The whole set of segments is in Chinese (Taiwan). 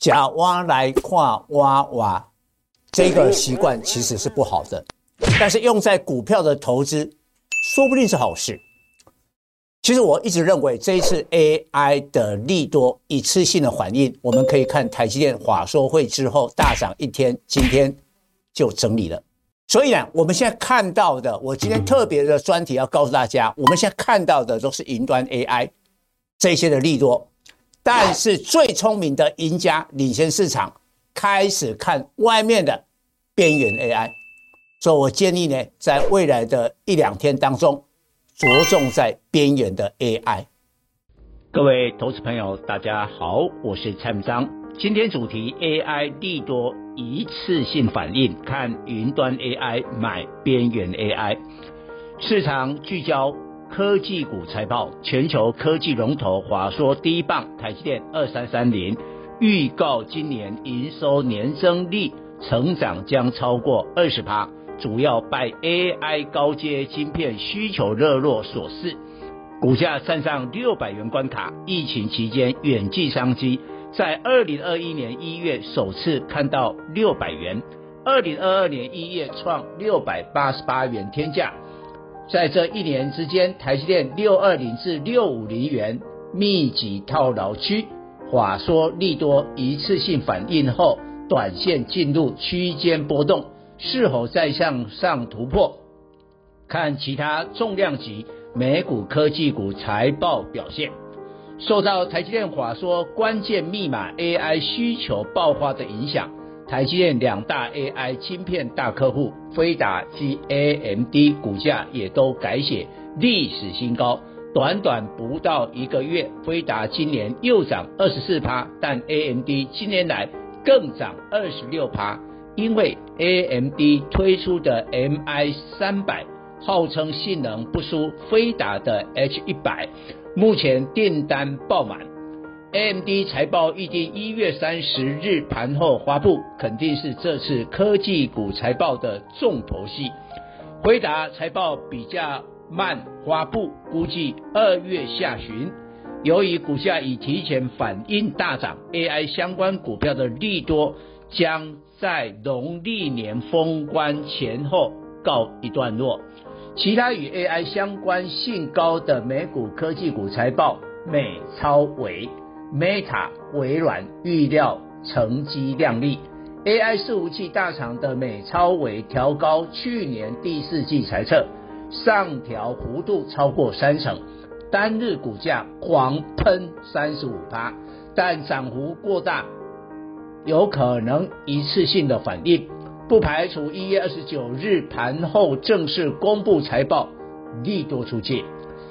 假挖來跨挖挖，這個習慣其實是不好的，但是用在股票的投資，說不定是好事。其實我一直認為，這一次 AI 的利多，一次性的反應，我們可以看台積電法說會之後大漲一天，今天就整理了。所以呢，我們現在看到的，我今天特別的專題要告訴大家，我們現在看到的都是雲端 AI 這些的利多。但是最聰明的贏家領先市場，開始看外面的邊緣 AI，所以我建議呢，在未來的一兩天當中，着重在邊緣的 AI。各位投資朋友，大家好，我是蔡明彰，今天主題 AI 利多一次性反應，看雲端 AI 買邊緣 AI，市場聚焦，科技股財報，全球科技龍頭華碩第一棒，台積電二三三零預告今年營收年增率成長將超過二十%，主要拜 AI 高階晶片需求熱絡所示，股價站上六百元關卡。疫情期間遠距商機，在二零二一年一月首次看到六百元，二零二二年一月創六百八十八元天價。在這一年之間，台積電六二零至六五零元密集套牢區，法說利多一次性反應後，短線進入區間波動，是否再向上突破？看其他重量級美股科技股財報表現，受到台積電法說關鍵密碼 AI 需求爆發的影響。台積電兩大 AI 芯片大客戶輝達及 AMD 股價也都改寫歷史新高，短短不到一個月，輝達今年又漲二十四趴，但 AMD 今年來更漲二十六趴，因為 AMD 推出的 MI 三百，號稱性能不輸輝達的 H 一百，目前訂單爆滿。AMD 財報預計一月三十日盤後發布，肯定是這次科技股財報的重頭戲。回答財報比較慢發布，估計二月下旬。由於股價已提前反應大漲，AI 相關股票的利多將在農曆年封關前後告一段落。其他與 AI 相關性高的美股科技股財報，美超微 Meta、微軟預料成績亮麗，AI 伺服器大廠的美超微調高去年第四季財測，上調幅度超過三成，單日股價狂噴三十五趴，但漲幅過大，有可能一次性的反應，不排除一月二十九日盤後正式公布財報，利多出盡。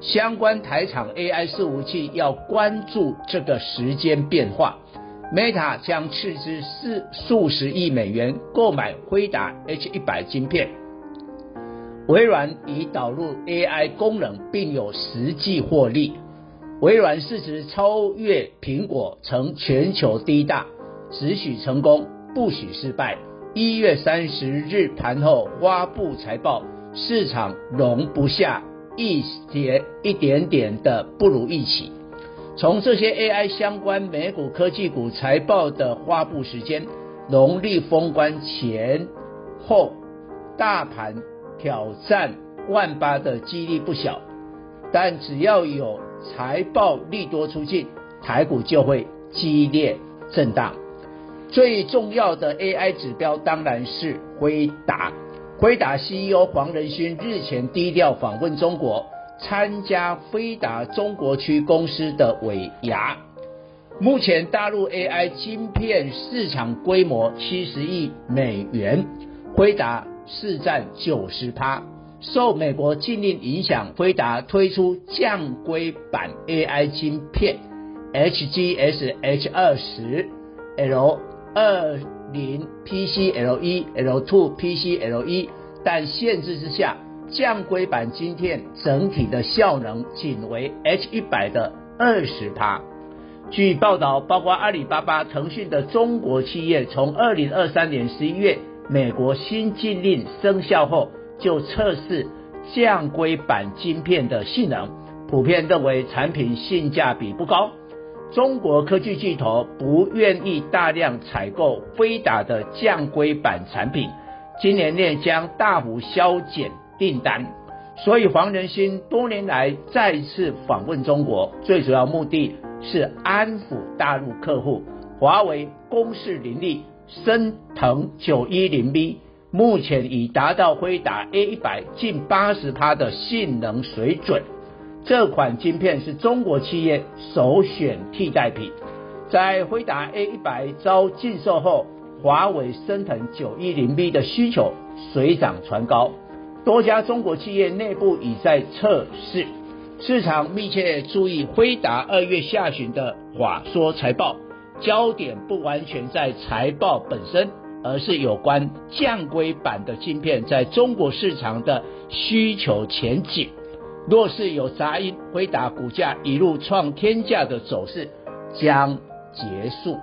相關台廠 AI 伺服器，要關注這個時間變化。Meta 將斥資四數十億美元購買輝達 H100 晶片。微軟已導入 AI 功能，並有實際獲利。微軟市值超越蘋果，成全球第一大。只許成功，不許失敗。一月三十日盤後發布財報，市場容不下，一點一點點的不如預期，從這些 AI 相關美股科技股財報的發布時間，農曆封關前後，大盤挑戰萬八的幾率不小。但只要有財報利多出盡，台股就會激烈震盪。最重要的 AI 指標當然是輝達。輝達 CEO 黃仁勳日前低調訪問中國，參加輝達中國區公司的尾牙。目前大陸 AI 晶片市場規模七十億美元，輝達市佔九十趴。受美國禁令影響，輝達推出降規版 AI 晶片 HGX H20、L2。零 PCIE L two PCIE，但限制之下，降規版晶片整體的效能僅為 H100 的二十趴。據報道，包括阿里巴巴、騰訊的中國企業從2023，從二零二三年十一月美國新禁令生效後，就測試降規版晶片的性能，普遍認為產品性價比不高。中國科技巨頭不願意大量採購輝達的降規版產品，今年內將大幅削減訂單。所以黃仁勳多年來再次訪問中國，最主要目的是安撫大陸客戶。華為攻勢凌厲，昇騰 910B 目前已達到輝達 A100 近八十趴的性能水準。這款晶片是中國企業首選替代品。在輝達 A100 遭禁售後，華為昇騰 910B 的需求水漲船高，多家中國企業內部已在測試。市場密切注意輝達二月下旬的華碩財報，焦點不完全在財報本身，而是有關降規版的晶片在中國市場的需求前景。若是有雜音，輝達股價一路創天價的走勢將結束。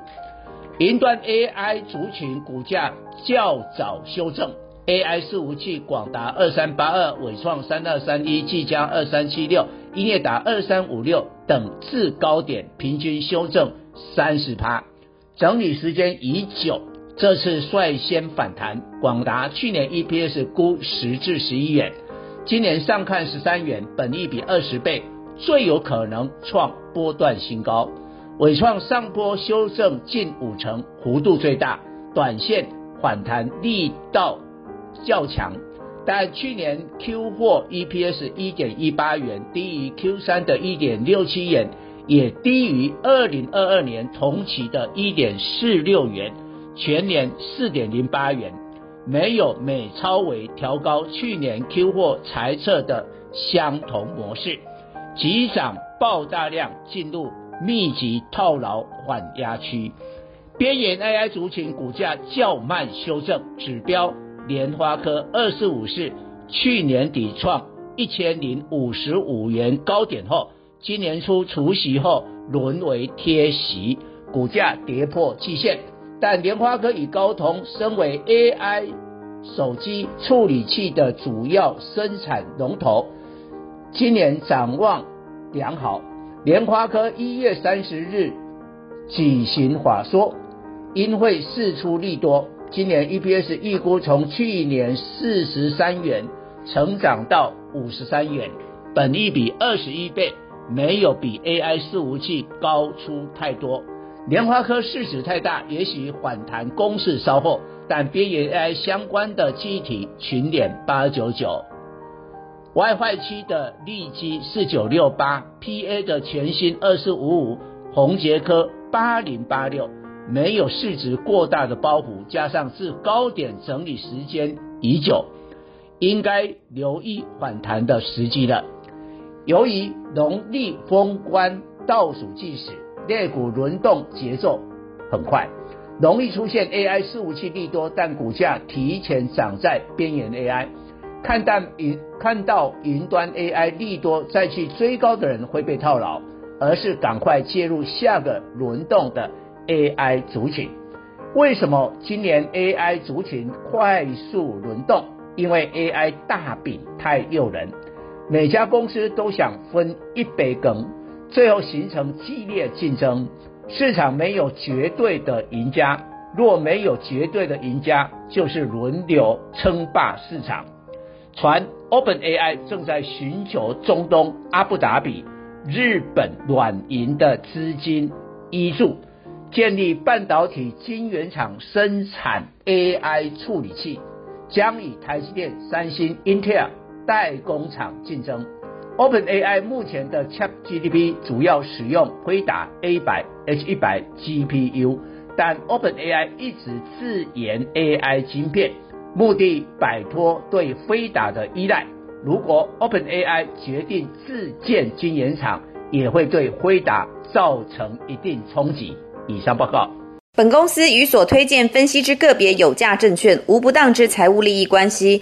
雲端 AI 族群股價較早修正，AI 服務器廣達二三八二、緯創三二三一、 2382, 3231, 技嘉二三七六、英業達二三五六等至高點平均修正三十趴，整理時間已久，這次率先反彈。廣達去年 EPS 估十至十一元。今年上看十三元，本益比二十倍，最有可能創波段新高。緯創上波修正近五成，幅度最大，短線反彈力道較強。但去年 Q 四 EPS 一點一八元，低於 Q 三的一點六七元，也低於二零二二年同期的一點四六元，全年四點零八元。沒有美超微調高去年 Q 4財測的相同模式，急漲爆炸量進入密集套牢緩壓區，邊緣 AI 族群股價較慢修正，指標聯發科二四五四去年底創一千零五十五元高點後，今年初除息後淪為貼息，股價跌破季線。但聯發科與高通身為 AI 手機處理器的主要生產龍頭，今年展望良好。聯發科一月三十日舉行法說，因會事出利多，今年 EPS 預估從去年四十三元成長到五十三元，本益比二十一倍，沒有比 AI 伺服器高出太多。蓮花科市值太大，也許反彈攻勢稍後，但邊緣 AI 相關的記憶體群聯八九九 WiFi 7的利基四九六八，PA 的全新二四五五，宏捷科八零八六，沒有市值過大的包袱，加上是高點整理時間已久，應該留意反彈的時機了。由於農曆封關倒數計時。個股輪動節奏很快，容易出現 AI 伺服器利多，但股價提前漲在邊緣 AI，看淡雲看到雲端 AI 利多再去追高的人會被套牢，而是趕快介入下個輪動的 AI 族群。為什麼今年 AI 族群快速輪動？因為 AI 大餅太誘人，每家公司都想分一杯羹。最後形成激烈競爭，市場沒有絕對的贏家。若沒有絕對的贏家，就是輪流稱霸市場。傳 OpenAI 正在尋求中東阿布達比、日本軟銀的資金挹注，建立半導體晶圓廠生產 AI 處理器，將與台積電、三星、Intel 代工廠競爭。OpenAI 目前的 ChatGPT 主要使用輝達 A100、H100 GPU，但 OpenAI 一直自研 AI 芯片，目的擺脫對輝達的依賴。如果 OpenAI 決定自建晶圓廠，也會對輝達造成一定衝擊。以上報告。本公司與所推薦分析之個別有價證券無不當之財務利益關係。